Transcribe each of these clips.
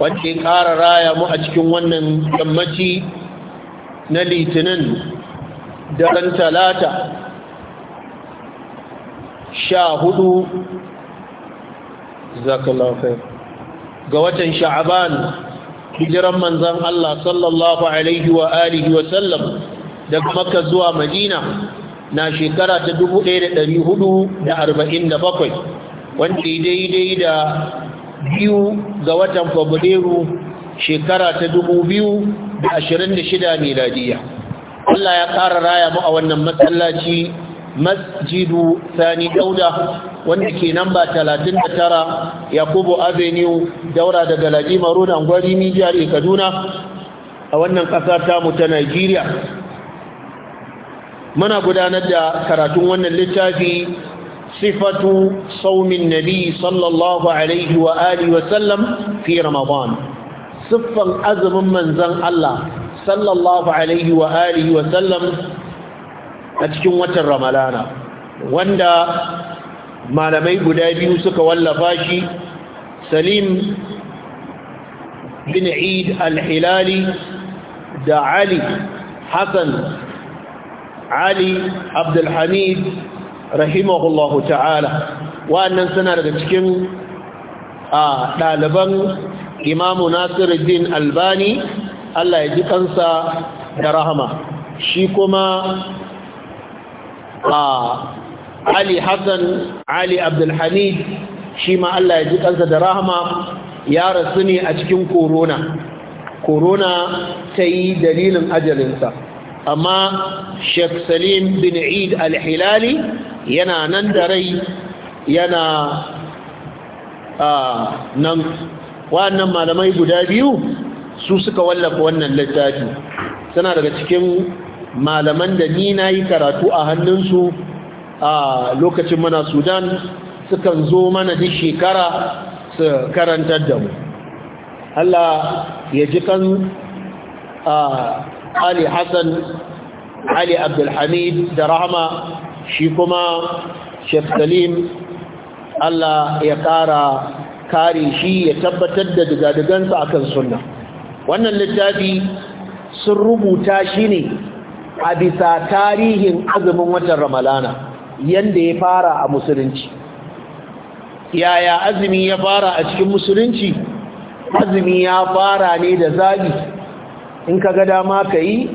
wanda ya ƙara raya mu a cikin wannan yammaci na litinin daren talata sha hudu ga watan sha'aban hijiran manzan Allah sallallahu alaihi wa alihi wa sallam daga makka zuwa madina na shekara ta 1447 wanda daidai da biyu ga watan fabrairu shekara ta dubu biyu da ashirin da shida miladiya Allah ya ƙara raya mu a wannan matsalaci masjidu sani dauda wanda ke namba tara yakubu avenue daura daga lajima road gwari nijiyar kaduna a wannan ƙasa tamu ta nigeria muna gudanar da karatun wannan littafi صفة صوم النبي صلى الله عليه وآله وسلم في رمضان صفة أزم من زن الله صلى الله عليه وآله وسلم أتكون وتر رمضان واندا ما لمي قدابي وسك ولا فاشي سليم بن عيد الحلالي دا علي حسن علي عبد الحميد rahimahullahu ta'ala wa'annan suna daga cikin a ɗaliban imamu nasiruddin albani allah ya ji kansa da rahama shi kuma a ali hassan ali abdulhamid shi ma allah ya ji kansa da rahama ya rasu ne a cikin korona korona ta yi dalilin ajalinsa amma sheikh salim bin eid al-hilali yana nan da rai yana nan wannan malamai guda biyu su suka wallafa wannan littafi suna daga cikin malaman da ni na yi karatu a hannunsu a lokacin mana sudan sukan zo mana duk shekara su karantar da mu allah ya ji kan ali hassan ali abdulhamid da rahama shi kuma Sheikh Salim Allah ya kara kare shi ya tabbatar da digadigansa akan sunna wannan littafi sun rubuta shi ne a bisa tarihin azumin watan Ramalana yanda ya fara a musulunci yaya azumi ya fara a cikin musulunci azumi ya fara ne da zabi in ka ga dama ka yi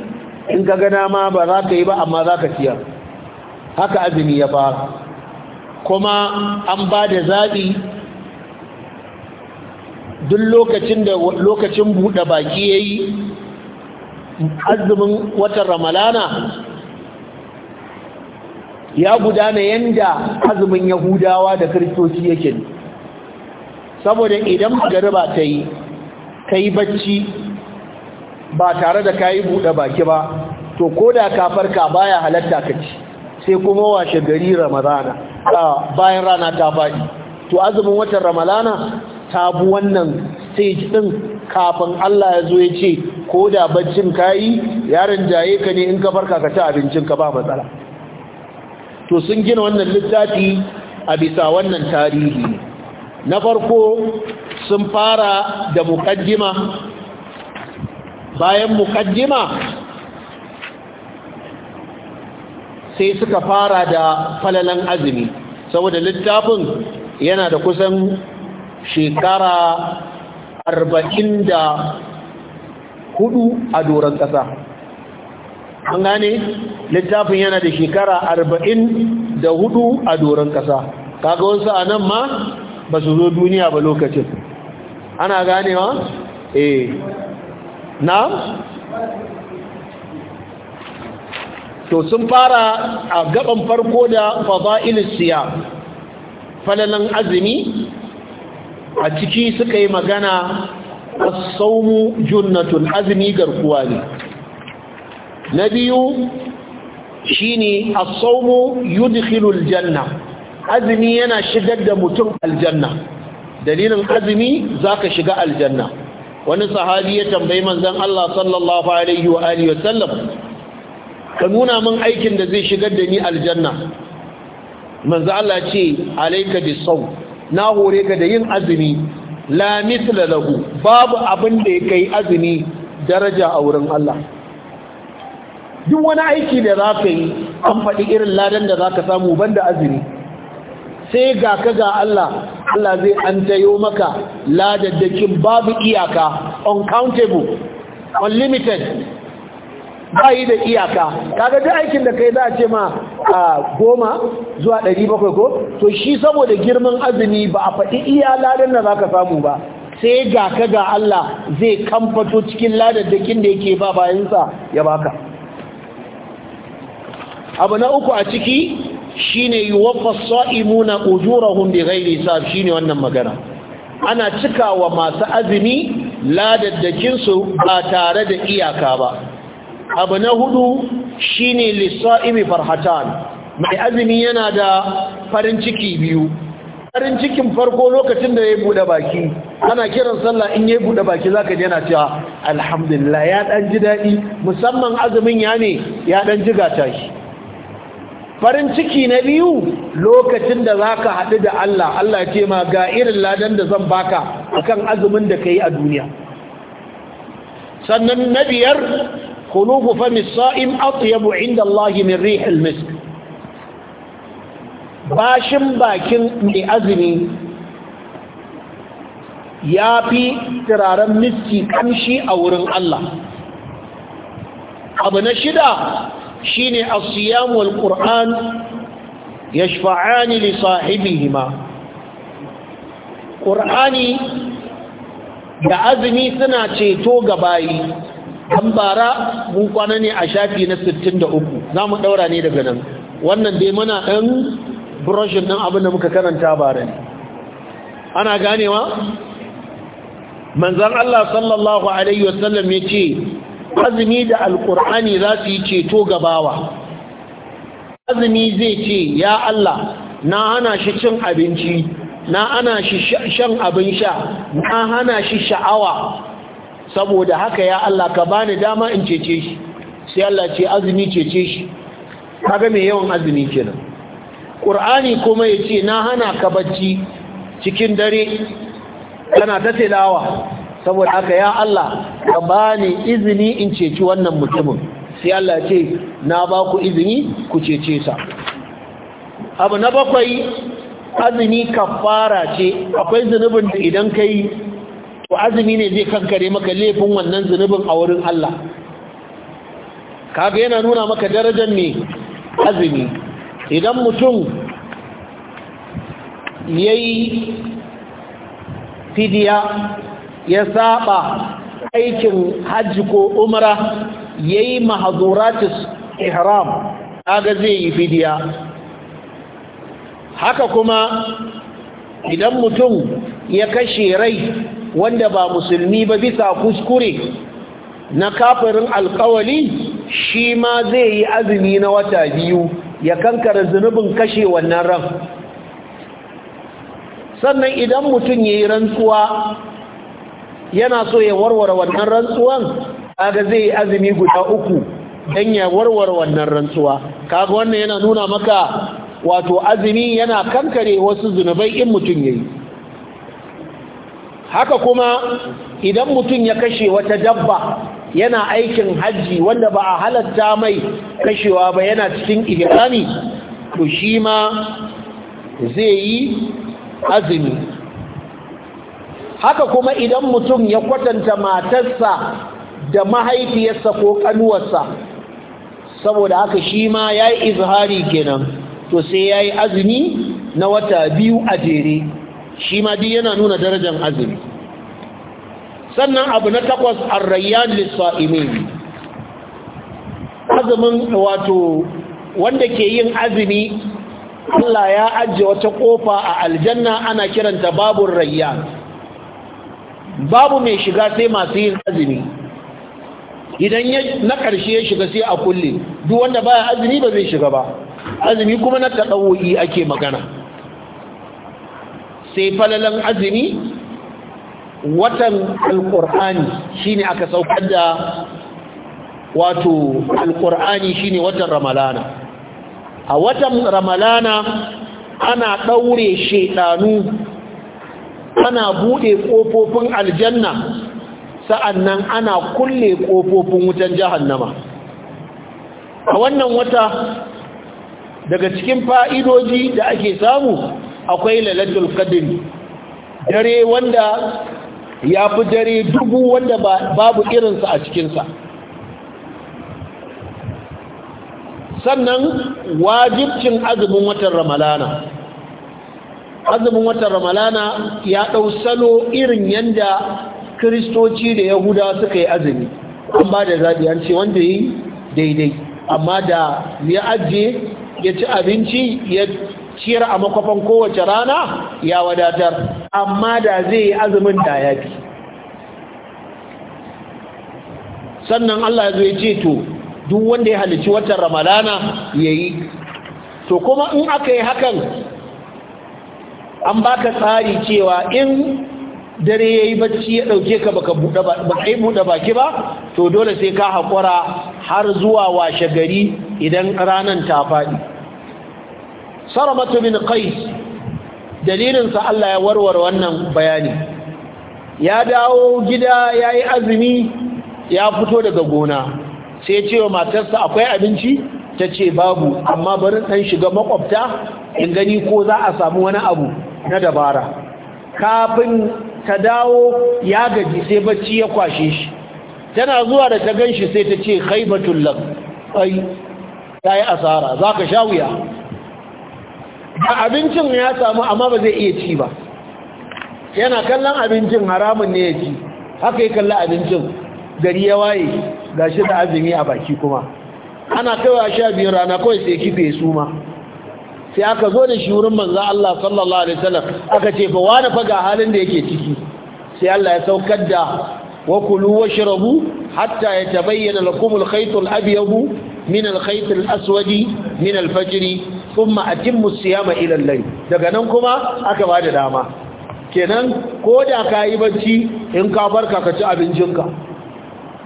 in ka ga dama ba za ka yi ba amma za ka ciyar haka azumi ya fara kuma an ba da zaɓi duk lokacin da lokacin buɗe baki ya yi azumin watan ramalana ya gudana yanda azumin yahudawa da kiristoci yake saboda idan magariba ta yi ka yi bacci ba tare da ka yi buɗe baki ba to ko da kafarka baya halatta ka ci sai kuma washe gari ramadana bayan rana ta faɗi to azumin watan ramadana ta bu wannan stage din kafin Allah ya zo ya ce ko da baccin kayi yaron jaye ka ne in ka barka ka ci abincin ka ba matsala to sun gina wannan littafi a bisa wannan tarihi na farko sun fara da mukaddima bayan mukaddima sai suka fara da falalan azumi saboda littafin yana da kusan shekara arba'in da hudu a doron ƙasa an gane littafin yana da shekara arba'in da hudu a doron ƙasa kaga wasu a nan ma ba su zo duniya ba lokacin ana ganewa eh na to sun fara a gaban farko da fada'ilis siya falalan azumi a ciki suka yi magana saumu junnatun azumi garkuwa ne na biyu shine as yudkhilul janna azumi yana shigar da mutum aljanna dalilin azumi zaka shiga aljanna wani sahabi ya tambayi manzon Allah sallallahu alaihi wa alihi wa sallam ka nuna min aikin da zai shigar da ni aljanna manzo Allah ce alayka sau. na hore ka da yin azumi la mithla lahu babu abin da yake azumi daraja a wurin Allah duk wani aiki da za ka yi an faɗi irin ladan da za ka samu banda azumi sai ga ka ga Allah Allah zai an tayo maka ladaddakin babu iyaka uncountable unlimited ba yi da iyaka kaga duk aikin da kai za a ce ma a goma zuwa ɗari bakwai ko to shi saboda girman azumi ba a faɗi iya ladan da za ka samu ba sai ga ka ga Allah zai kamfato cikin ladaddakin da yake ba bayansa ya baka abu na uku a ciki shine yuwaffa da gairi sa shi ne wannan magana ana cikawa masu azumi ladaddakin su ba tare da iyaka ba abu na hudu shine imi farhatan mai azumi yana da farin ciki biyu farin cikin farko lokacin da ya bude baki ana kiran sallah in ya bude baki zaka ka yana cewa alhamdulillah ya dan ji dadi musamman azumin ya ne ya dan ji ta shi farin ciki na biyu lokacin da zaka hadu da Allah Allah ya ce ma ga irin ladan da zan baka a kan azumin da kai a duniya sannan na biyar khulufu fami sa'im atyabu inda Allah min rihil misk bashin bakin mai azumi ya fi turaren miski kamshi a wurin Allah abu na shida shine as-siyam wal qur'an yashfa'ani li sahibihima qur'ani da azumi suna ceto ga bayi an bara mun kwana ne a shafi na 63 za mu ɗaura ne daga nan wannan dai muna ɗan brushin ɗin abin da muka karanta bara ne ana ganewa manzan Allah sallallahu Alaihi wasallam ya ce azumi da alkur'ani za su yi ceto gabawa azumi zai ce ya Allah na hana shi cin abinci na hana shi shan abin sha na hana shi sha'awa saboda haka ya Allah ka bani dama in cece shi sai Allah ce azumi cece shi kaga mai yawan azumi kenan qur'ani kuma yace na hana ka bacci cikin dare kana ta tilawa saboda haka ya Allah ka bani izini in ceci wannan mutumin sai Allah ce na ba ku izini ku cece sa abu na bakwai azumi kafara ce akwai zunubin da idan kai ko azumi ne zai kankare maka laifin wannan zunubin a wurin Allah kaga yana nuna maka darajar ne azumi idan mutum yayi fidiya ya saba aikin hajji ko umra yayi mahduratis ihram kaga zai yi fidiya haka kuma idan mutum ya kashe rai wanda ba musulmi ba bisa kuskure na kafirin alkawali shi ma zai yi azumi na wata biyu ya kankara zunubin kashe wannan ran sannan idan mutum ya yi rantsuwa yana so ya warware wannan rantsuwan kaga zai yi azumi guda uku don ya warware wannan rantsuwa kaga wannan yana nuna maka wato azumi yana kankare wasu zunubai in mutum ya yi haka kuma idan mutum ya kashe wata dabba yana aikin hajji wanda ba a halatta mai kashewa ba yana cikin ihrami to shi ma zai yi azumi haka kuma idan mutum ya kwatanta matarsa da mahaifiyarsa ko kanuwarsa saboda haka shi ma ya yi izhari kenan to sai ya yi azumi na wata biyu a jere shi ma yana nuna darajar azumi sannan abu na takwas arrayyan lissa'imin azumin wato wanda ke yin azumi Allah ya ajiye wata kofa a aljanna ana kiranta babu rayyan babu mai shiga sai masu yin azumi idan na ƙarshe ya shiga sai a kulle duk wanda baya azumi ba zai shiga ba azumi kuma na taɗawo'i ake magana sai falalan azumi watan alkur'ani shine aka saukar da wato alkur'ani shine watan ramalana a watan ramalana ana ɗaure shedanu ana bude ƙofofin aljanna sa'annan ana kulle ƙofofin wutan jahannama a wannan wata daga cikin fa'idoji da ake samu akwai lalatul qadri dare wanda ya fi dare dubu wanda babu irinsa a cikinsa sannan wajibcin azumin watan ramalana azumin watan ramalana ya ɗau salo irin yadda kiristoci da yahuda suka yi azumi an ba da zaɓi an ce wanda yi daidai amma da ya ajiye ya ci abinci ya ciyar a makwafan kowace rana ya wadatar amma da zai yi azumin da ya fi sannan Allah ya zo ya ce to duk wanda ya halici watan ramadana ya yi to kuma in aka yi hakan an baka tsari cewa in dare ya yi bacci ya ɗauke ka baka buɗe baki ba to dole sai ka haƙura har zuwa washe gari idan ranar ta faɗi saramatu bin qais dalilinsa Allah ya warware wannan bayani ya dawo gida yayi azumi ya fito daga gona sai ce wa matarsa akwai abinci ta ce babu amma bari ɗan shiga makwabta in gani ko za a samu wani abu na dabara kafin ta dawo ya gaji sai bacci ya kwashe shi tana zuwa da ta ganshi sai ta ce khaibatul lak ai ta asara zaka ka sha wuya da abincin ya samu amma ba zai iya ci ba yana kallon abincin haramun ne ya ci haka yi kalla abincin gari ya waye ga shi da azumi a baki kuma ana a sha biyu rana kawai sai kife su ma sai aka zo da shi wurin manzo Allah sallallahu alaihi wasallam aka ce fa wani fa ga halin da yake ciki sai Allah ya saukar da wa kulu washrabu hatta yatabayyana lakum al-khayt al-abyad min al-khayt al-aswad min al-fajr thumma atimmu musiya ma ilan lai daga nan kuma aka bada dama kenan ko da ka yi bacci in ka barka ka ci abincinka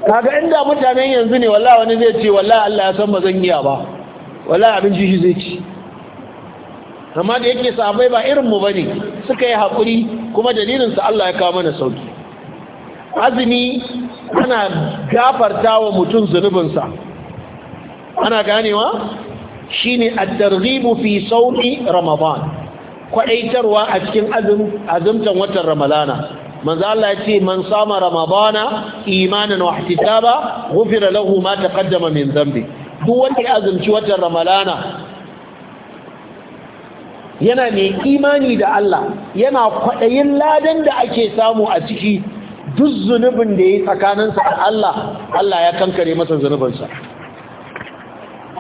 kaga inda mutanen yanzu ne wallahi wani zai ce wallahi Allah ya san bazan iya ba wallahi abinci shi zai ci amma da yake sahabbai ba irin mu bane suka yi hakuri kuma dalilin sa Allah ya kawo mana sauki azumi ana gafartawa mutum zunubinsa ana ganewa shine at-targhibu fi sawmi ramadan kwaɗaitarwa a cikin azum azumtan watan ramadana manzo Allah ce man sama ramadana imanan wa ihtisaba ghufira lahu ma taqaddama min dhanbi duk wanda ya azumci watan ramadana yana mai imani da Allah yana kwaɗayin ladan da ake samu a ciki duk zunubin da yayi tsakaninsa da Allah Allah ya kankare masa zunubinsa.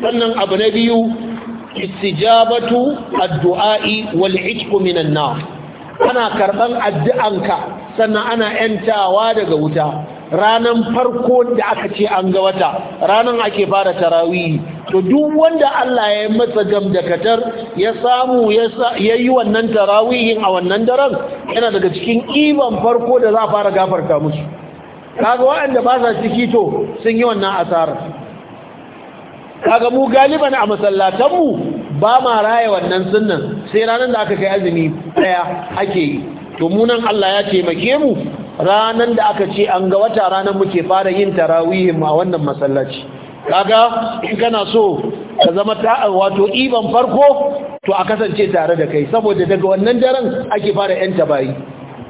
sannan abu na biyu istijabatu addu'a'i wal itqu minan na ana karban addu'anka sannan ana yantawa daga wuta ranan farko da aka ce an ga wata ranan ake fara tarawi to duk wanda Allah ya masa gamdakatar ya samu ya yi wannan tarawihin a wannan daren yana daga cikin iban farko da za a fara gafarta musu kaga waɗanda ba sa ciki to sun yi wannan asarar kaga mu galiban a masallatanmu ba ma raya wannan sunnan sai ranar da aka kai azumi daya ake yi to mu Allah ya taimake mu ranar da aka ce an ga wata ranar muke fara yin tarawihin a wannan masallaci kaga in kana so ka zama ta wato iban farko to a kasance tare da kai saboda daga wannan daren ake fara yan tabayi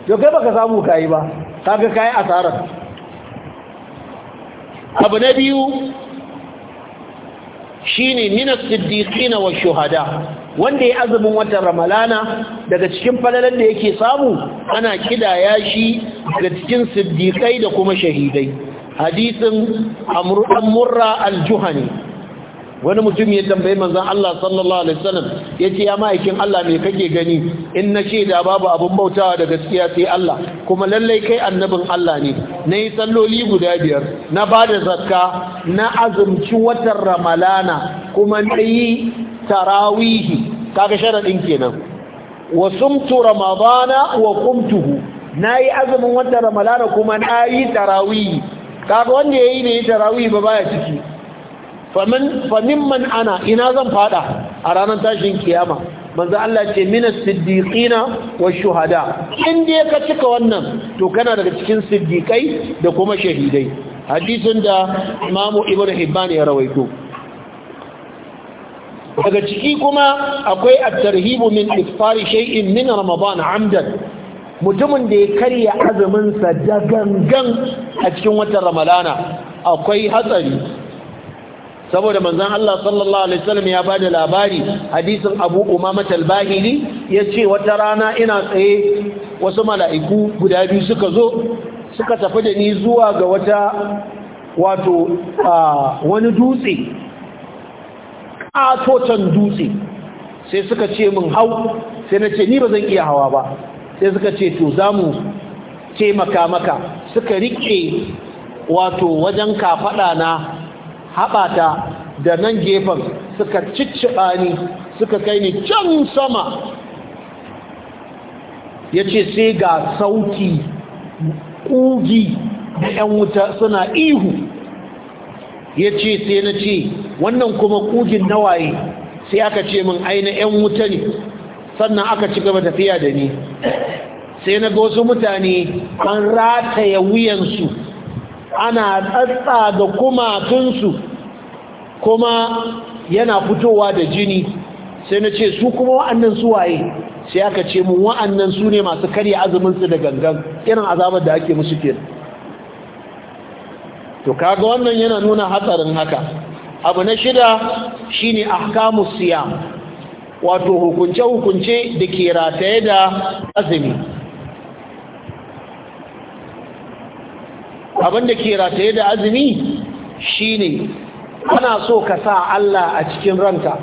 to kai baka samu kayi ba kaga kayi asarar abu na biyu shine min as-siddiqin wa shuhada wanda ya azumin watan ramalana daga cikin falalan da yake samu ana kidaya shi daga cikin siddiqai da kuma shahidai hadisin amru murra al-juhani wani mutum ya tambayi manzon Allah sallallahu alaihi wasallam yace ya ma'aikin Allah me kake gani in na ce da babu abin bautawa da gaskiya sai Allah kuma lallai kai annabin Allah ne nayi salloli guda biyar na bada zakka na azumci watan ramalana kuma yi tarawihi kaga sharadin kenan wa sumtu ramadana wa na nayi azumin watan ramalana kuma nayi tarawihi kaga wanda yayi ne tarawihi ba baya ciki famin man ina zan fada a ranar tashin kiyama manzo Allah ce mina siddiqina wa shuhada in dai ka cika wannan to kana daga cikin siddiqai da kuma shahidai hadisin da Imam Ibn Hibban ya rawaito daga ciki kuma akwai at-tarhib min iftar shay'in min ramadan amdan mutumin da ya karya azumin sa da gangan a cikin watan ramadana akwai hatsari saboda manzon Allah sallallahu alaihi wasallam ya bada labari hadisin Abu Umama al-Bahili yace wata rana ina tsaye wasu mala'iku guda biyu suka zo suka tafi da ni zuwa ga wata wato wani dutse katotan dutse sai suka ce min hau sai na ce ni ba zan iya hawa ba sai suka ce to zamu taimaka maka suka rike wato wajen kafaɗa na haɓata da nan gefen suka cicciɓa ni suka kai ni can sama ya ce sai ga sauti ƙugi da 'yan wuta suna ihu ya ce sai na ce wannan kuma ƙugin nawaye sai aka ce min aina 'yan wuta ne sannan aka ci gaba tafiya da ni sai na ga wasu mutane an rataya wuyansu ana tsatsa ga kumatunsu kuma yana fitowa da jini sai na ce su kuma wa'annan su sai aka ce mun wa'annan su ne masu karya azuminsu da gangan irin azabar da ake musu ke to kaga wannan yana nuna hatsarin haka abu na shida shine ahkamu siyam wato hukunce-hukunce da ke rataye da azumi abinda ke rataye da azumi shine Kana so ka sa Allah a cikin ranka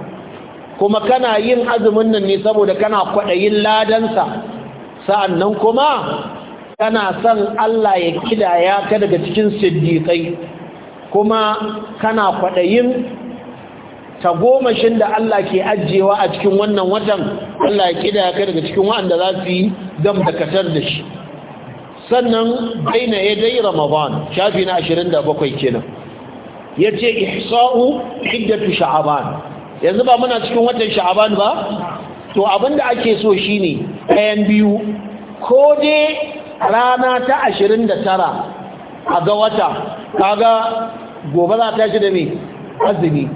kuma kana yin azumin nan ne saboda kana kwaɗayin ladansa nan kuma kana son Allah ya kidaya ka daga cikin siddiƙai kuma kana kwaɗayin ta shin da Allah ke ajiyewa a cikin wannan watan Allah ya kidaya ka daga cikin waɗanda za su yi dam da katar da shi sannan baina ya dai ramadan shafi na 27 kenan ya ce ihsa'u iddatu sha'aban yanzu ba muna cikin watan sha'aban ba to abin da ake so shine ɗayan biyu ko dai rana ta ashirin da tara a ga wata kaga gobe za ta shi da mai azumi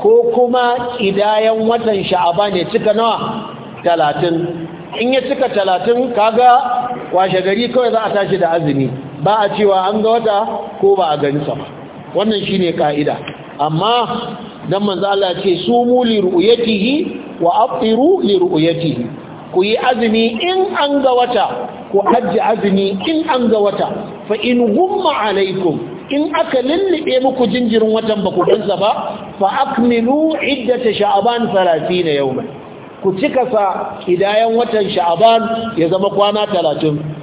ko kuma ƙidayen watan sha'aba ya cika nawa talatin in ya cika talatin kaga washe gari kawai za a tashi da azumi ba a cewa an ga wata ko ba a gani sama wannan shine kaida amma don manza Allah ce sumu li ru'yatihi wa afiru li ku yi azumi in an ga wata ku hajji azumi in an ga wata fa in gumma alaikum in aka lullube muku jinjirin watan ba ku gansa ba fa akmilu iddata sha'aban yau mai. ku cika sa idayen watan sha'aban ya zama kwana talatin.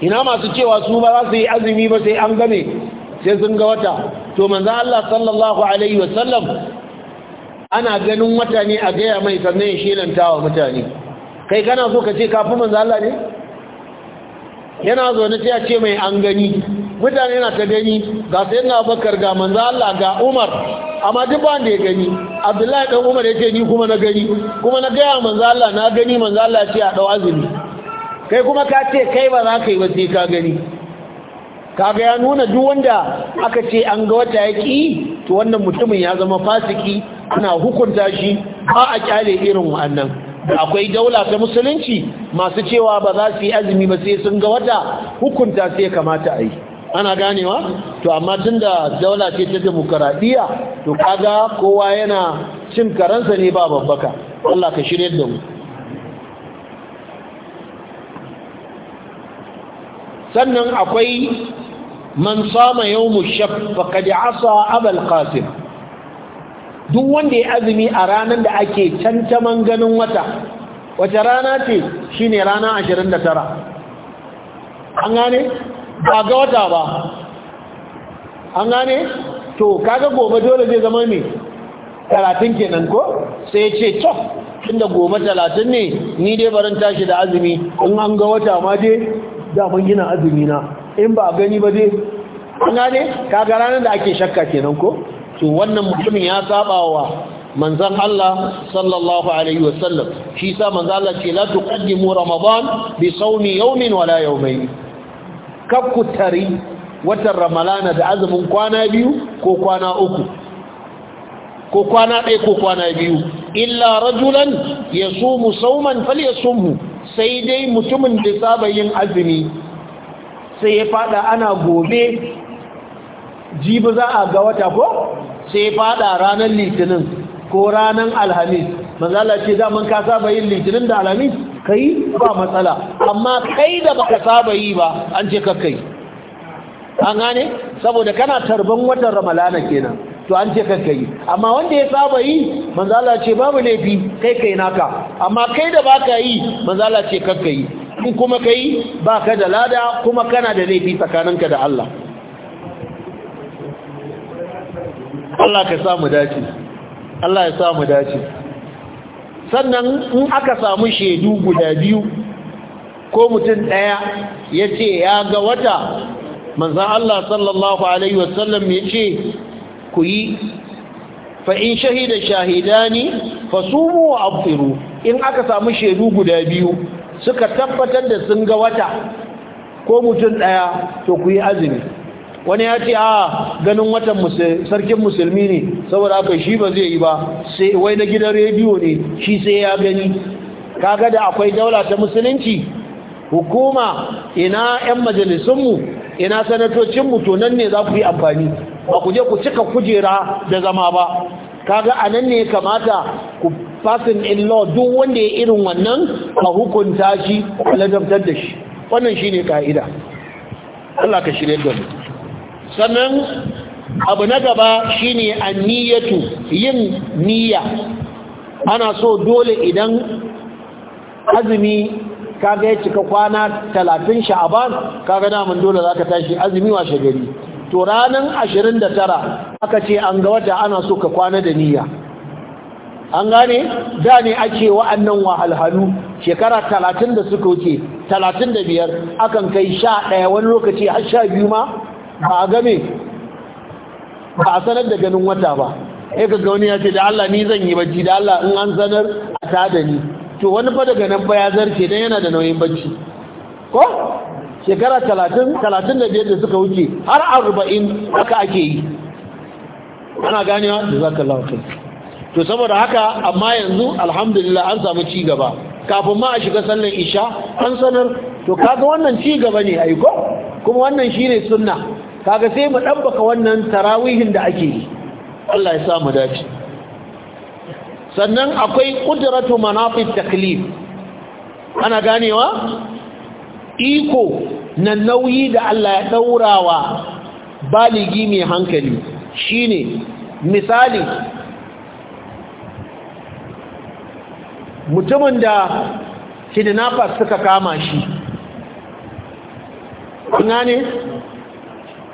ina masu cewa su ba za su yi azumi ba sai an game sai sun ga wata to manzo Allah sallallahu alaihi wasallam ana ganin wata ne a gaya mai sannan ya shelanta wa mutane kai kana so ka ce kafin manzo Allah ne yana zo ne sai ya ce mai an gani mutane na ta gani ga sai na bakar ga manzo Allah ga Umar amma duk ba da ya gani Abdullahi dan Umar ya ce ni kuma na gani kuma na gaya manzo Allah na gani manzo Allah ya ce a dau azumi kai kuma ka ce kai ba za ka yi ba sai ka gani kaga ya nuna duk wanda aka ce an ga wata ya to wannan mutumin ya zama fasiki ana hukunta shi ba a kyale irin wannan akwai daula ta musulunci masu cewa ba za su yi azumi ba sai sun ga wata hukunta sai kamata a yi ana ganewa to amma tun da daula ce ta demokaradiyya to kaga kowa yana cin karansa ne ba babbaka Allah ka shirye da mu sannan akwai man sama yawmu shab faqad asa abal qasim duk wanda ya azumi a ranar da ake cancaman ganin wata wace rana ce shine rana 29 an gane ba ga wata ba an gane to kaga gobe dole zai zama ne talatin kenan ko sai ya ce to tunda gobe talatin ne ni dai barin tashi da azumi in an ga wata ma dai daman yana azumi na in ba gani ba dai an gane kaga ranar da ake shakka kenan ko to wannan mutumin ya sabawa manzon Allah sallallahu alaihi wasallam shi sa manzon Allah ce la tuqaddimu ramadan bi sawmi yawmin wala yawmayn kakkutari watan ramalana da azumin kwana biyu ko kwana uku ko kwana ɗaya ko kwana biyu illa rajulan ya sumu sauman fal ya sumu sai dai mutumin da saba yin azumi sai ya fada ana gobe jibi za a ga wata ko sai ya fada ranar litinin ko ranar alhamis manzala ce daman ka saba yin litinin da alhamis kai ba matsala amma kai da baka saba yi ba an ce kai, an gane saboda kana tarban watan ramalana kenan to an ce kanka yi amma wanda ya saba yi manzala ce babu laifi kai kai naka amma kai da baka yi manzala ce kanka yi in kuma kai baka da lada kuma kana da laifi tsakaninka da Allah Allah ka samu dace Allah ya samu dace sannan in aka samu shaidu guda biyu ko mutum ɗaya ya ce ya ga wata manzan Allah sallallahu Alaihi wasallam ya ce ku yi fa'in shahida shahidani fasumu wa abfiru in aka samu shaidu guda biyu suka tabbatar da sun ga wata ko mutum ɗaya to ku yi azumi wani ya ce a ganin watan sarkin musulmi ne saboda haka shi ba zai yi ba sai wai na gidan rediyo ne shi sai ya gani kaga da akwai daula ta musulunci hukuma ina 'yan majalisunmu ina sanatocinmu to nan ne za ku yi amfani ba ku je ku cika kujera da zama ba kaga anan ne kamata ku fasin in law duk wanda ya irin wannan ka hukunta shi a ladabtar da shi wannan shine ka'ida Allah ka shirye da mu sannan abu na gaba shine anniyatu yin niyya ana so dole idan azumi kaga ya cika kwana 30 sha'aban kaga da mun dole zaka tashi azumi wa gari to ranar 29 aka ce an ga wata ana so ka kwana da niyya an gane da ne ake wa'annan wahalhalu shekara talatin da suka wuce talatin biyar akan kai sha ɗaya wani lokaci har sha biyu ma ba a game ba a sanar da ganin wata ba ya ga wani ya ce da Allah ni zan yi bacci da Allah in an sanar a ta da ni to wani fa daga nan ba ya zarce dan yana da nauyin bacci ko shekara talatin talatin da biyar da suka wuce har arba'in haka ake yi ana ganewa da za ka lafi to saboda haka amma yanzu alhamdulillah an samu cigaba kafin ma a shiga sallar isha an sanar to kaga wannan cigaba ne aiko kuma wannan shi ne sunna kaga sai mu ɗabbaka wannan tarawihin da ake yi Allah ya sa dace sannan akwai ƙudratu da taklif ana ganewa iko na nauyi da Allah ya daurawa baligi mai hankali shine misali mutumin da kidnappers suka kama shi kuna ne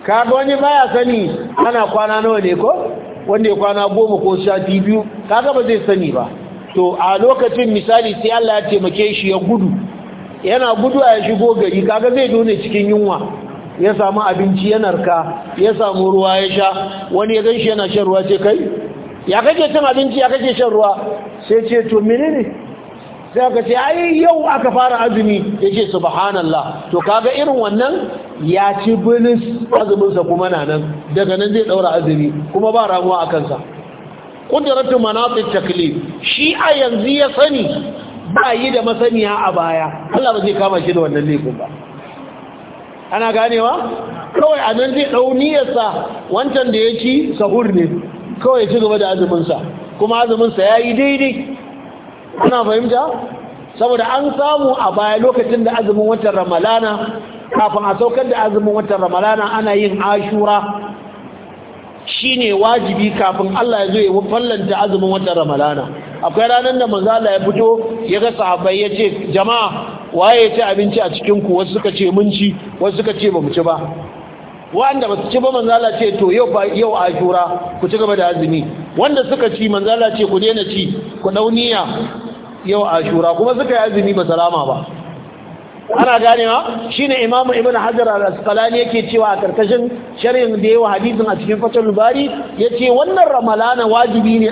kaga wani baya sani ana kwana nawa ne ko wanda ya kwana goma ko sati biyu kaga ba zai sani ba to a lokacin misali sai Allah ya taimake shi ya gudu yana gudu ya shigo gari kaga zai dole cikin yunwa ya samu abinci ya narka ya samu ruwa ya sha wani ya ganshi yana shan ruwa ce kai ya kake cin abinci ya kake shan ruwa sai ce to menene sai aka ce ai yau aka fara azumi yace subhanallah to kaga irin wannan ya ci azumin azuminsa kuma nan daga nan zai daura azumi kuma ba ramuwa a kansa kudratu manatik taklif shi a yanzu ya sani ba yi da masaniya a baya Allah ba zai kama shi da wannan laifin ba ana ganewa kawai a nan zai ɗau niyyarsa wancan da ya ci sahur ne kawai ci gaba da azuminsa kuma azuminsa ya yi daidai ana fahimta saboda an samu a baya lokacin da azumin watan ramalana kafin a saukar da azumin watan ramalana ana yin ashura shine wajibi kafin Allah ya zo ya fallanta azumin watan ramalana akwai ranar da manzala ya fito ya ga sahabbai ya ce jama'a waye ya ci abinci a cikin ku wasu suka ce mun ci wasu suka ce ba mu ci ba wanda ba su ci ba manzala ce to yau ba yau jura ku ci gaba da azumi wanda suka ci manzala ce ku daina ci ku dauniya yau a jura kuma suka yi azumi ba salama ba ana ganewa shine imamu ibnu hajar al-asqalani yake cewa a karkashin sharhin da yawa hadisin a cikin fatul bari yace wannan ramalana wajibi ne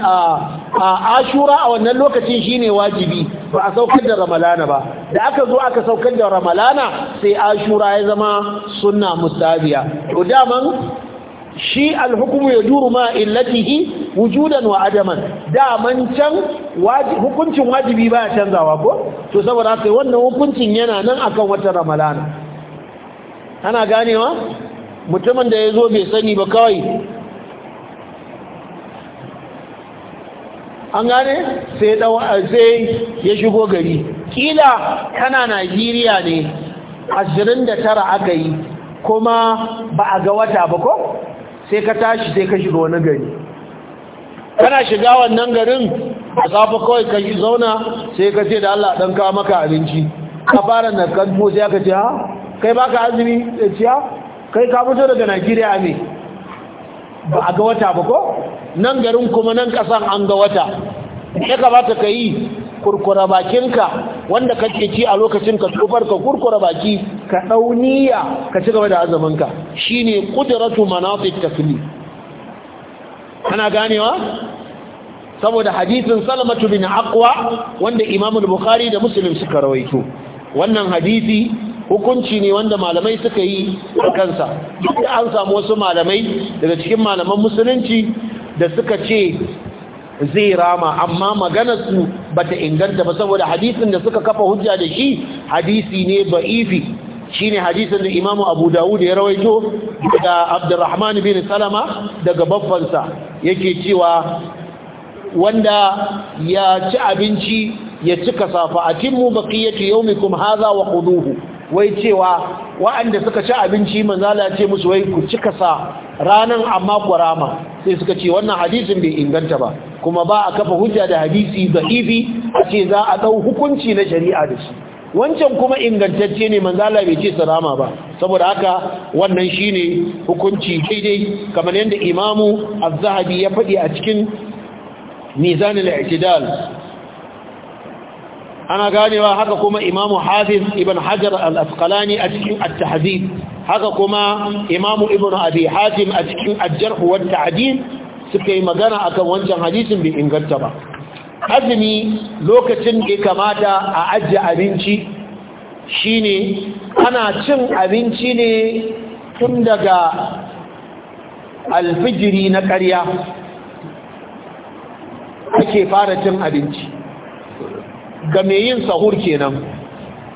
a ashura a wannan lokacin shine wajibi ba a saukar da ramalana ba da aka zo aka saukar da ramalana sai ashura ya zama sunna mustabiya to daman shi al-hukmu yaduru ma illatihi wujudan wa adaman daman can hukuncin wajibi baya canzawa ko to saboda haka wannan hukuncin yana nan akan wata ramalana ana ganewa mutumin da ya zo bai sani ba kawai an gane sai ya shigo gari kila kana najeriya ne 29 aka yi kuma ba a ga wata ba ko sai ka tashi sai ka shiga wani gari kana shiga wannan garin a safa kawai ka zauna sai ka ce da Allah dan kawo maka abinci ka fara na kanto sai ka ce ha kai baka azumi da ciya kai ka fito daga Najeriya ne ba a ga wata ba ko nan garin kuma nan kasan an ga wata ya kamata ka yi kurkura bakinka wanda kake ci a lokacin ka tsufar ka kurkura baki ka dauniya ka ci gaba da azaminka shine qudratu manafiq taklif ana ganewa saboda hadisin salamatu bin aqwa wanda imamu bukhari da muslim suka rawaito wannan hadisi hukunci ne wanda malamai suka yi a kansa duk an samu wasu malamai daga cikin malaman musulunci da suka ce zai rama amma maganarsu su bata inganta ba saboda hadisin da suka kafa hujja da shi hadisi ne ba'ifi shine hadisin da imamu abu dawud ya rawaito da abdurrahman bin salama daga babbansa yake cewa wanda ya ci abinci ya cika safa atimmu baqiyatu yawmikum hadha wa quduhu wai cewa wa'anda suka ci abinci manzala ce musu wai ku cika sa ranan amma ku rama sai suka ce wannan hadisin bai inganta ba kuma ba a kafa hujja da hadisi da'ifi a ce za a dau hukunci na shari'a da shi wancan kuma ingantacce ne manzo Allah bai ce salama ba saboda haka wannan shine hukunci daidai kamar yadda imamu az-zahabi ya faɗi a cikin mizan al-i'tidal ana ganewa haka kuma imamu hafiz ibn hajar al-asqalani a cikin at-tahdhib haka kuma imamu ibn abi hatim a cikin al-jarh wa at-ta'dil suka yi magana akan wancan hadisin bai inganta ba azumi lokacin da ya kamata a ajiye abinci shine ana cin abinci ne tun daga alfijiri na ƙarya ake fara cin abinci ga mai yin sahur kenan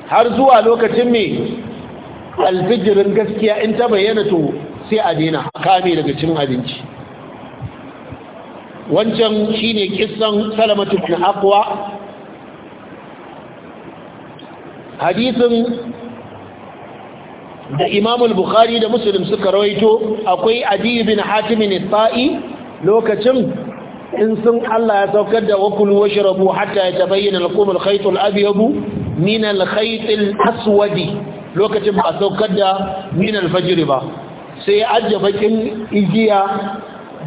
har zuwa lokacin mai alfijirin gaskiya in ta bayyana to sai a daina kame daga cin abinci wancan shine kisan salamatu na aqwa hadisin da imam bukhari da muslim suka rawaito akwai adi bin hatim tai lokacin in sun Allah ya saukar da wakulu washrabu hatta ya tabayyana al-khayt al-abyad min al-khayt al lokacin ba saukar da min al-fajr ba sai ajja bakin igiya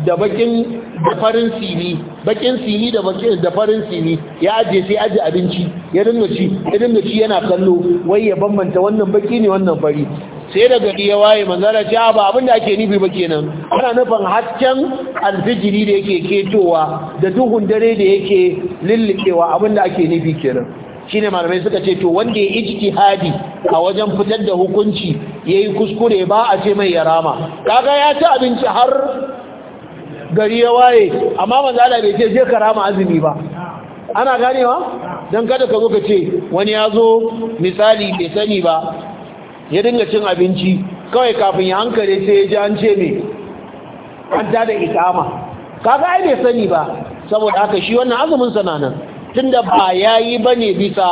da bakin da farin sini bakin sini da bakin da farin sini ya aje sai aje abinci ya dinga ci ya dinga ci yana kallo wai ya bambanta wannan baki ne wannan fari sai da gari ya waye manzara ce ba abin da ake nufi ba kenan ana nufin hasken alfijiri da yake ketowa da duhun dare da yake lillikewa abin da ake nufi kenan shine malamai suka ce to wanda ya hadi a wajen fitar da hukunci yayi kuskure ba a ce mai yarama kaga ya ci abinci har gari ya waye amma manzo Allah bai ce je karama azumi ba ana ganewa dan kada ka zo ka ce wani ya zo misali bai sani ba ya dinga cin abinci kawai kafin ya hankare sai ya ji an ce me an ta da ikama kaga ai bai sani ba saboda haka shi wannan azumin sa nan tunda ba yayi bane bisa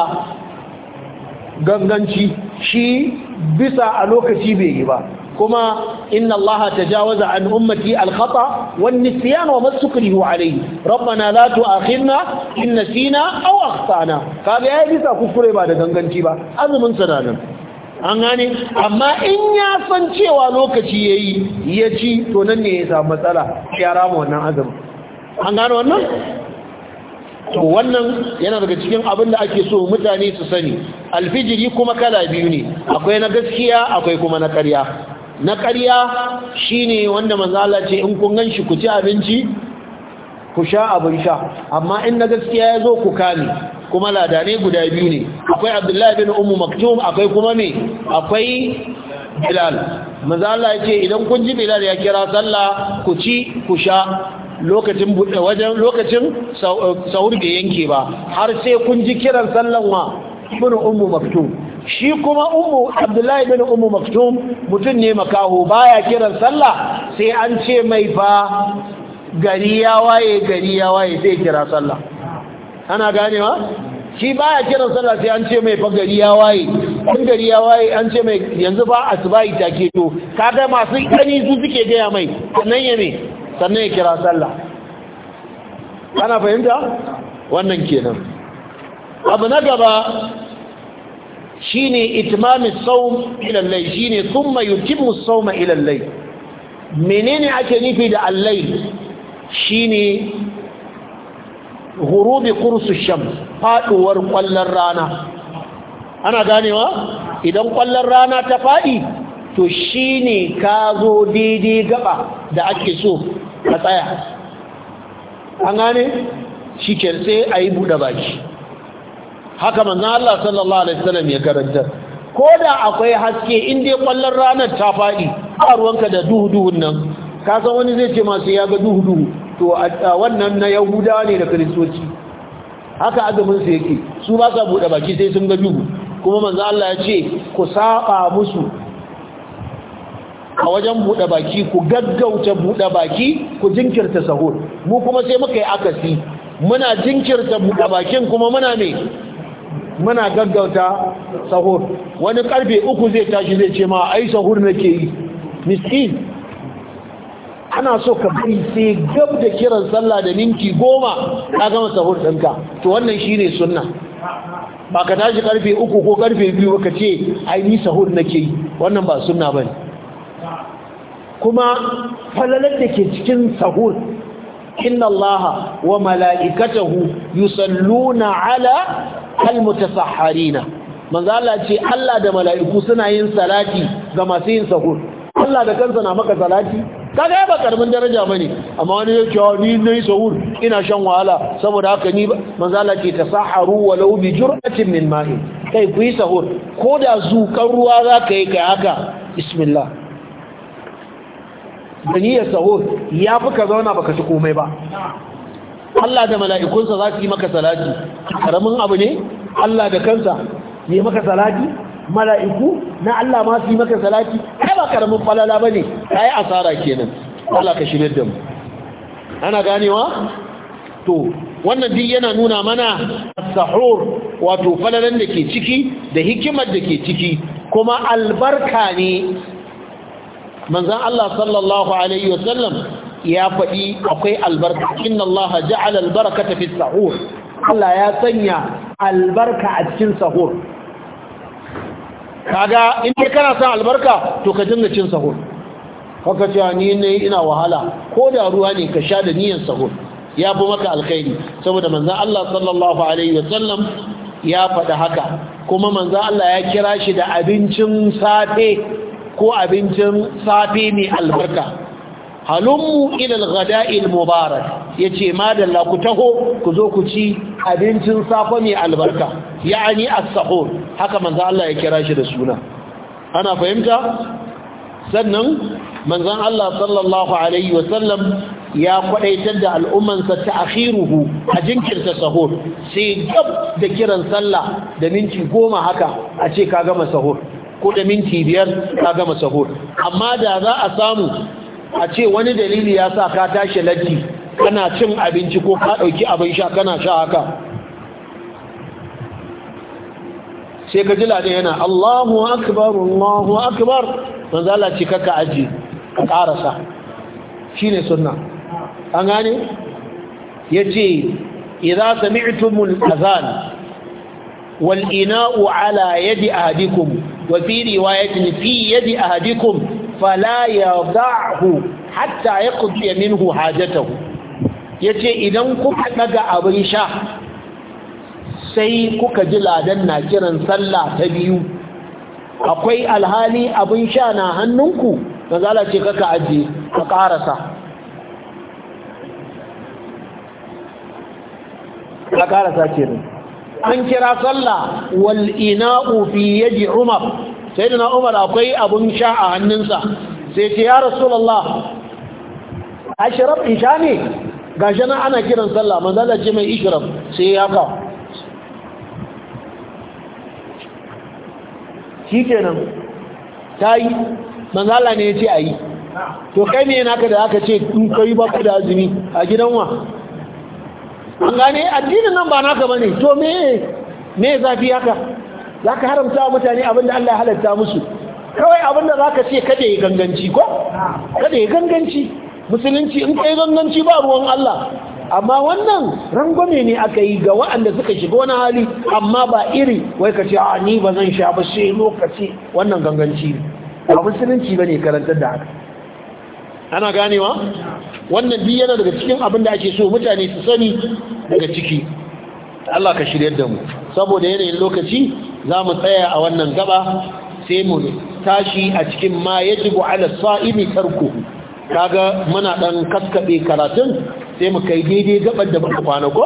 ganganci shi bisa a lokaci bai yi ba kuma inna allaha tajawaza an ummati al-khata wan nisyan wa masukrihu alayhi rabbana la tu'akhidna in nasina aw akhtana kaga yayi bisa kuskure ba da ganganci ba azumin nan. an gane amma in ya san cewa lokaci yayi ya ci to nan ne ya samu matsala ya rama wannan azumin an gane wannan to wannan yana daga cikin abin da ake so mutane su sani alfijiri kuma kala biyu ne akwai na gaskiya akwai kuma na ƙarya na ƙarya ne wanda manzala ce in kun gan shi ku ci abinci ku sha abin sha amma in na gaskiya ya zo ku kani kuma ladane guda biyu ne akwai abdullahi bin umu maktum akwai kuma me akwai bilal manzala ya ce idan kun ji bilal ya kira sallah ku ci ku sha lokacin wajen lokacin eh, yanke ba har sai kun ji kiran sallan wa bin umu maktum shi kuma umu abdullahi bin umu maktum mutum ne makahu baya kiran sallah sai an ce mai fa gari ya waye gari ya waye zai kira sallah ana ganewa shi baya kiran sallah sai an ce mai fa gari ya waye in gari ya waye an ce mai yanzu ba asubahi take to kaga masu kani su suke gaya mai sannan ya ne sannan ya kira sallah ana fahimta wannan kenan abu na gaba shine itmamis sawm ila al-layl shine thumma yutimmu as-sawma ila al-layl menene ake nufi da al-layl shine ghurubi qursu shams faduwar kwallon rana ana ganewa idan kwallon rana ta fadi to shine ka zo daidai gaba da ake so ka tsaya an gane shi ke sai a yi buɗe baki haka manzon Allah sallallahu alaihi wasallam ya karanta ko da akwai haske in dai kwallon ranar ta faɗi a ruwanka da duhu-duhun nan ka san wani zai ce masu ya ga duhu-duhu to a wannan na Yahuda ne da kiristoci haka azumin su yake su ba sa buɗe baki sai sun ga duhu kuma manzo Allah ya ce ku saba musu a wajen buɗe baki ku gaggauta buɗe baki ku jinkirta sahur mu kuma sai muka yi akasi muna jinkirta buɗe bakin kuma muna ne muna gaggauta sahur wani karfe uku zai tashi zai ce ma ai sahur nake yi miskin ana so ka bari sai gab da kiran sallah da minti goma ka gama sahur ɗinka to wannan shine sunna ba ka tashi karfe uku ko karfe biyu ka ce ai ni sahur nake yi wannan ba sunna bane kuma falalar da ke cikin sahur inna Allaha wa mala'ikatahu yusalluna ala almutasahharina manzo Allah ce Allah da mala'iku suna yin salati ga masu yin sahur Allah da kansa na maka salati kaga ba karamin daraja bane amma wani ya ce ni nayi sahur ina shan wahala saboda haka ni manzo Allah ce tasaharu walau bi jur'atin min ma'i kai ku yi sahur ko da zuƙar ruwa za ka yi kai haka bismillah da ya sahur ya fi ka zauna baka ci komai ba Allah da mala'ikunsa za su yi maka salati karamin abu ne Allah da kansa yi maka salati mala'iku na Allah ma su yi maka salati kai ba karamin falala ba ne ka yi asara kenan Allah ka shirya da mu ana ganewa to wannan duk yana nuna mana sahur wato falalan da ke ciki da hikimar da ke ciki kuma albarka ne manzan Allah sallallahu alaihi wasallam ya faɗi akwai albarka inna Allah albarka ta fi sahur Allah ya sanya albarka a cikin sahur kaga in ka kana son albarka to ka dinga cin sahur haka cewa ni ne ina wahala ko da ruwa ne ka sha da niyyar sahur ya fi maka alkhairi saboda manzan Allah sallallahu alaihi wasallam ya faɗi haka kuma manzan Allah ya kira shi da abincin safe ko abincin safe mai albarka halummu ilal ghada'il mubarak ce madalla ku taho ku zo ku ci abincin safe mai albarka ya'ani as-sahur haka manzo Allah ya kira shi da suna ana fahimta sannan manzan Allah sallallahu alaihi wasallam ya kwadaitar da al'ummansa ta akhiruhu a jinkirta sahur sai gab da kiran sallah da minti goma haka a ce ka gama sahur ko da minti biyar ka gama sahur amma da za a samu a ce wani dalili ya sa ka tashi latti kana cin abinci ko ka ɗauki abin sha kana sha haka sai ka ji ladan yana Allahu akbar Allahu akbar manzo Allah ce kaka aji ka karasa ne sunna an gane yace idza sami'tumul azan wal ina'u ala yadi ahadikum wa fi riwayatin fi yadi ahadikum fala yada'hu hatta yaqdi minhu hajatahu yace idan kuka daga abin sha sai kuka ji ladan na kiran sallah ta biyu akwai alhali abin sha na hannunku manzala ce kaka ajiye ka karasa an kira sallah wal ina'u fi yadi umar sayyidina umar akwai abun sha a hannunsa sai ce ya rasulullah ashrab isha ne gashi nan ana kiran sallah manzala ce mai ishrab sai ya kawo shikenan ta yi manzala ne ya ce a yi to kai ne naka da aka ce in kai ba ku da azumi a gidan wa an gane addinin nan ba naka bane to me me zafi haka Za ka haramta wa mutane abin da Allah ya halatta musu kawai abin da ka ce kada yi ganganci ko kada ya ganganci musulunci in kai ganganci ba ruwan Allah amma wannan rangwame ne aka yi ga waɗanda suka shiga wani hali amma ba iri wai ka ce a ah, ni ba zan sha ba sai lokaci wannan ganganci ne ba musulunci ba ne karantar da haka ana ganewa wannan duk yana daga cikin abin da ake so mutane su sani daga ciki Allah ka shiryar da mu saboda yanayin lokaci za mu tsaya a wannan gaba sai mu tashi a cikin ma ya yajibu ala sa'imi tarko kaga muna ɗan kaskaɓe karatun sai mu kai daidai gabar da muka kwana ko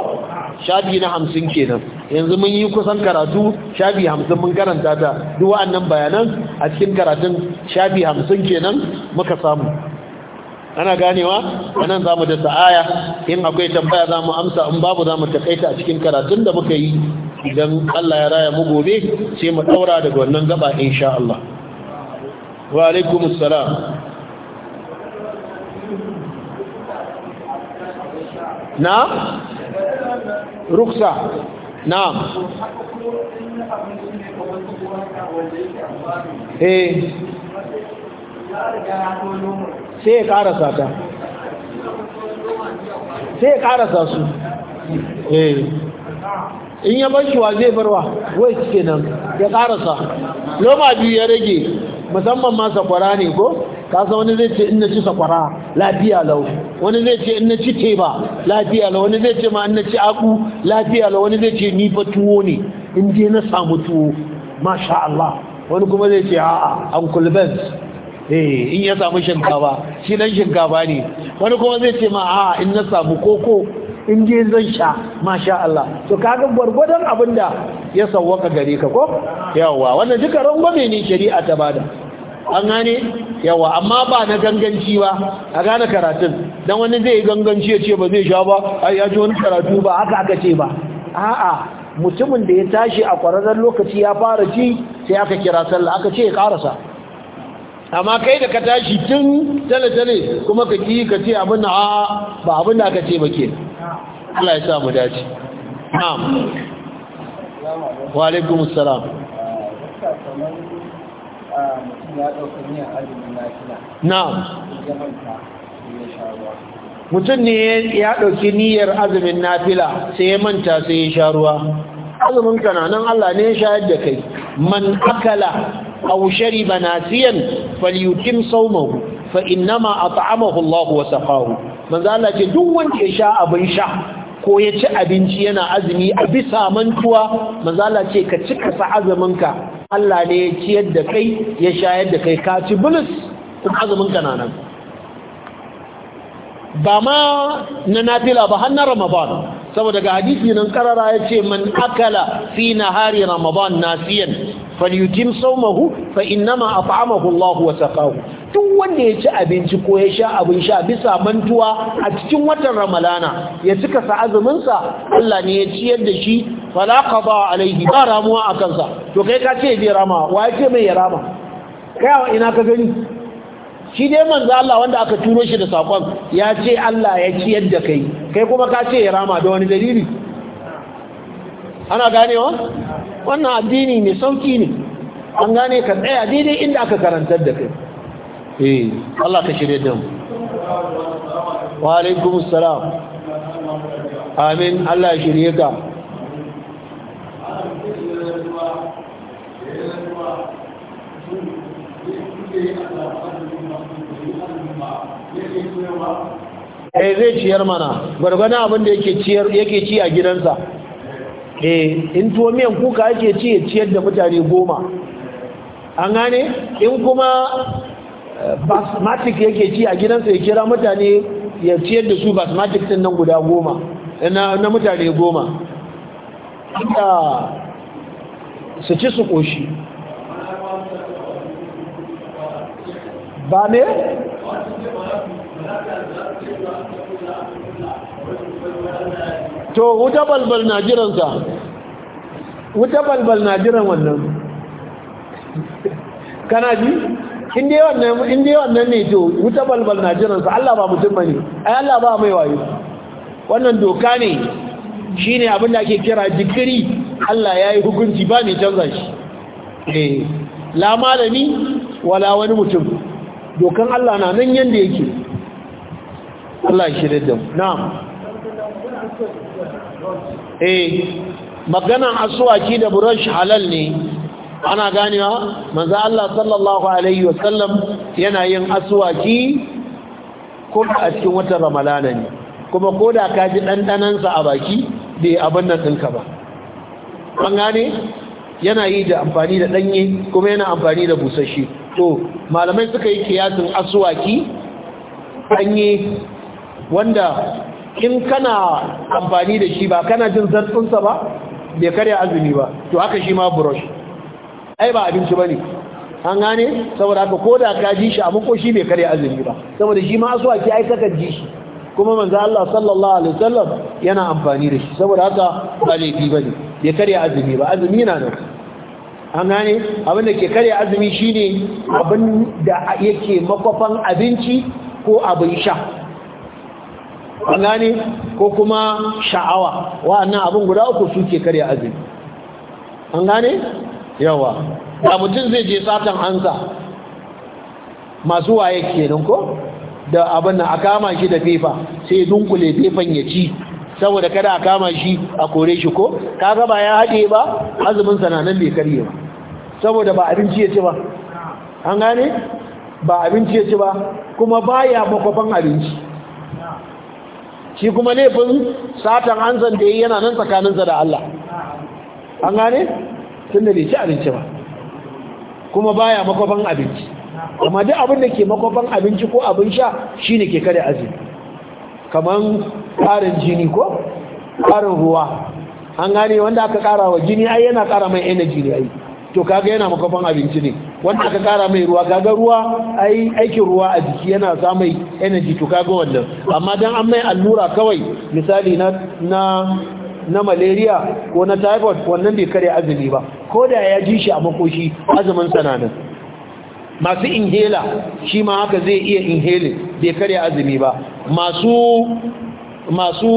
shafi na hamsin kenan yanzu mun yi kusan karatu shafi hamsin mun karanta ta duk wa'annan bayanan a cikin karatun shafi hamsin kenan muka samu ana ganewa anan zamu da aya, in akwai tambaya zamu amsa in babu zamu takaita a cikin karatun da muka yi idan Allah ya raya mu gobe sai mu daura daga wannan gaba insha Allah wa alaikum assalam na ruksa na eh sai ya karasa ta sai ya karasa su eh. in ya bar shiwa zai barwa wai suke nan ya karasa loma biyu ya rage musamman ma sakwara ne ko kasa wani zai ce ina ci sakwara lafiya lau wani zai ce ina ci teba lafiya lau wani zai ce ma ina ci aku lafiya lau wani zai ce ni fa tuwo ne in je na samu tuwo masha Allah wani kuma zai ce a'a an kulbens eh in ya samu shinkafa shi dan shinkafa ne wani kuma zai ce ma a in na samu koko in je zan sha masha Allah to kaga gwargwadon abinda ya sawwaka gare ka ko yawa wannan duka rangwame ne shari'a ta bada an gane yawa amma ba na ganganci ba a gane karatun dan wani zai yi ganganci ya ce ba zai sha ba ai ya ji wani karatu ba haka aka ce ba a'a mutumin da ya tashi a kwararren lokaci ya fara ci sai aka kira sallah aka ce ya karasa amma kai da ka tashi tun tale-tale kuma ka ki ka ce abin a ba abin da aka ce ba ke Allah ya sa mu dace na'am wa alaikum assalam na'am mutum ne ya ɗauki niyyar azumin nafila sai ya manta sai ya sha ruwa azumin kananan Allah ne ya shayar da kai man akala aw shariba siyan falyutim sawmahu fa innama at'amahu Allah wa saqahu manzo Allah ce duk wanda ya sha abin sha ko ya ci abinci yana azumi a bisa mantuwa manzo Allah ce ka cika sa azuminka Allah ne ya ciyar da kai ya shayar da kai ka ci bulus azuminka na ba ma na nafila ba har na ramadan saboda ga hadisi nan karara ya ce man akala fi nahari ramadan nasiyan falyutim saumahu fa innama at'amahu Allah wa saqahu duk wanda ya ci abinci ko ya sha abin sha bisa mantuwa a cikin watan ramalana ya cika sa azumin sa Allah ne ya ciyar da shi fala qada alaihi ba ramuwa akan sa to kai ka ce bai rama wa ya ce mai ya rama kai ina ka gani shi dai manzo Allah wanda aka turo shi da sakon ya ce Allah ya ciyar da kai kai kuma ka ce ya rama da wani dalili ana gane wa? wannan addini ne sauki ne an gane ka tsaya daidai inda aka karantar da kai eh Allah ka shirye da mu wa alaikum assalam amin Allah ya shirye ka Thank you. eh zai ciyar mana gwargwana abinda yake ci a gidansa eh in tuwo miyan kuka yake ci ya ciyar da mutane goma an gane in kuma eh, basmatic yake ci a gidansa ya kira mutane ya ciyar da su basmatic sun nan guda goma na mutane goma su ci su ƙoshi ba ne to wuta balbal na jiransa wuta balbal na jiran wannan kana ji inda yawan wannan inda wannan ne to wuta balbal na jiransa Allah ba mutum bane ai Allah ba mai wayo wannan doka ne shine abin da ake kira jikiri Allah yayi hukunci ba mai canza shi eh la malami wala wani mutum dokan Allah na nan yanda yake Allah ya shirye da mu na'am eh maganan asuwaki da brush halal ne ana ganewa manzo Allah sallallahu alaihi wasallam yana yin asuwaki ko a cikin watan ramadana ne kuma koda ka ji dandanan sa a baki bai abin nan dinka ba an gane yana yi da amfani da danye kuma yana amfani da busasshe to malamai suka yi kiyasin asuwaki danye wanda in kana amfani da shi ba kana jin zartsunsa ba bai karya azumi ba to haka shi ma brush ai ba abinci ba ne an gane saboda haka ko da ka ji shi a shi bai karya azumi ba saboda shi ma asu ake ai saka ji shi kuma manzo Allah sallallahu alaihi wasallam yana amfani da shi saboda haka ba laifi ba ne bai karya azumi ba azumi na nan an gane abin da ke karya azumi shine abin da yake makwafan abinci ko abin sha gane ko kuma sha'awa wa'annan abin guda uku suke karya azumi an gane yawa da mutum zai je satan ansa masu waye kenan ko da abin a kama shi da fefa sai dunkule fefan ya ci saboda kada a kama shi a kore shi ko ka gaba ya haɗe ba azumin sananan bai karye ba saboda ba abinci ya ci ba an gane ba abinci ya ci ba kuma baya makwafan abinci shi kuma laifin satan hanzan da yi yana nan tsakaninsa da Allah an gane tun da bai ci abinci ba kuma baya makwaban abinci amma duk abin da ke makwaban abinci ko abin sha shi ne ke kare azumi Kamar ƙarin jini ko ƙarin ruwa an gane wanda aka ƙara wa jini ai yana ƙara mai energy ne ai to kaga yana makafan abinci ne wanda aka kara mai ruwa kaga ruwa ai aikin ruwa a jiki yana sa mai energy to kaga wannan amma dan an mai allura kawai misali na na na malaria ko na typhoid wannan bai kare azumi ba ko da ya ji shi a makoshi azumin sananin masu inhela shi ma haka zai iya inhaling bai kare azumi ba masu masu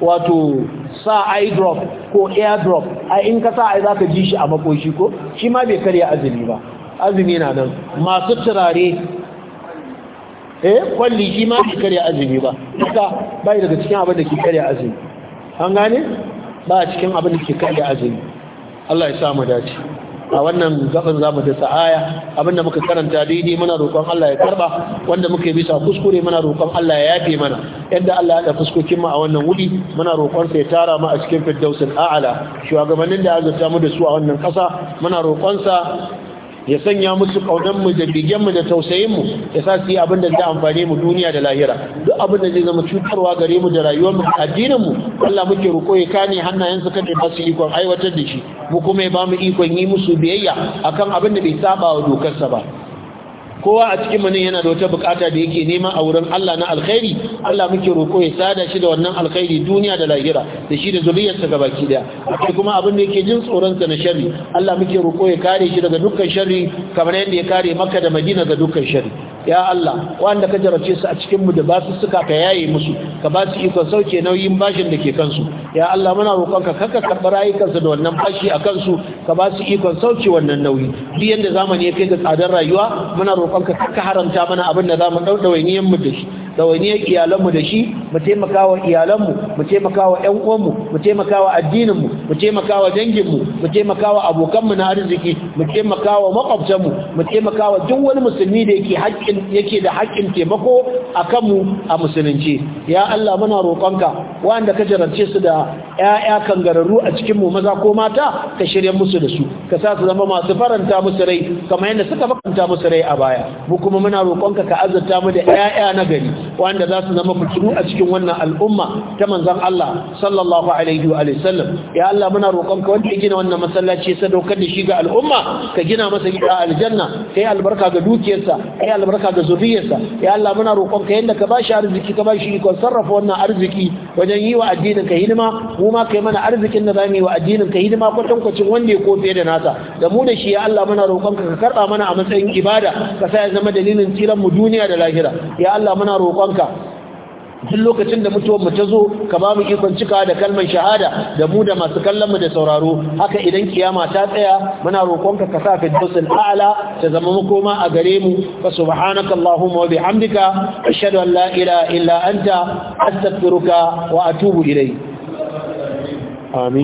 wato sa eye drop ko air drop a in ka sa ai zaka ji shi a makoshi ko shi ma bai karya azumi ba azumi na nan masu turare eh kwalli shi ma bai karya azumi ba haka bai daga cikin abin da ke karya azumi an gane ba cikin abin da ke karya azumi Allah ya sa mu dace a wannan gaban za mu dasa aya abinda muka karanta daidai muna roƙon Allah ya karba wanda muka yi bisa kuskure muna roƙon Allah ya yafe mana yadda Allah ya da fuskokin mu a wannan wuri muna roƙon sa ya tara mu a cikin firdausul a'ala shugabannin da azurta mu da su a wannan ƙasa muna roƙon sa ya sanya musu mu da mu da tausayinmu ya sa su yi abin da zai amfane mu duniya da lahira duk abin da zai zama cutarwa gare mu da rayuwarmu da mu, Allah muke roƙo ya kane hannayensu kada ba su ikon aiwatar da shi mu kuma ya ba mu ikon yi musu biyayya akan abin da bai saba wa dokarsa ba kowa a cikin manin yana da wata bukata da yake nema a wurin Allah na alkhairi Allah muke roko ya sada shi da wannan alkhairi duniya da lahira da shi da zuriyarsa baki daya akwai kuma abin da yake jin tsoron sa na sharri Allah muke roko ya kare shi daga dukkan sharri kamar yadda ya kare Makka da Madina daga dukkan sharri ya Allah wanda ka jarace su a cikin mu da ba su suka ka yaye musu ka ba su ikon sauke nauyin bashin da ke kansu ya Allah muna roƙonka kaka karɓi rayukansa da wannan bashi a kansu ka ba su ikon sauki wannan nauyi duk yanda zamani ya kai ga tsadar rayuwa muna roƙon ka ka haramta mana abin da zamu dau dawainiyan mu da shi dawainiyan iyalan mu da shi mu taimaka wa iyalan mu mu taimaka wa ƴan uwan mu mu taimaka wa addinin mu mu taimakawa danginmu mu taimakawa abokanmu na arziki mu taimakawa makwabtanmu mu taimakawa duk wani musulmi da yake haƙƙin yake da haƙƙin taimako a kanmu a musulunci ya Allah muna roƙonka wanda ka jararce su da ƴaƴa kangararru a cikin mu maza ko mata ka shirye musu da su ka sa su zama masu faranta musu rai kamar yadda suka faranta musu rai a baya mu kuma muna roƙonka ka azurta mu da ƴaƴa na gari wanda za su zama fitilu a cikin wannan al'umma ta manzon Allah sallallahu alaihi wa sallam ya Allah muna roƙonka wanda ya gina wannan masallaci sadaukar da shi ga al'umma ka gina masa gida aljanna kai albarka ga dukiyarsa kai albarka ga zuriyarsa ya Allah muna roƙonka yanda ka ba bashi arziki ka bashi ikon sarrafa wannan arziki wajen yi wa addinin ka hidima mu ma kai mana arzikin da zamu yi wa addinin ka hidima kwatankwacin wanda ya kofe da nasa da mu da shi ya Allah muna roƙonka ka karba mana a matsayin ibada ka sa ya zama dalilin tsiran mu duniya da lahira ya Allah muna roƙonka duk lokacin da mutuwar mu ta zo ka ba mu ikon cika da kalmar shahada da mu da masu kallon mu da sauraro haka idan kiyama ta tsaya muna roƙonka ka sa firdausul a'la ta zama makoma a gare mu fa subhanaka allahumma wa bihamdika ashhadu an la ilaha illa anta astaghfiruka wa atubu ilayk amin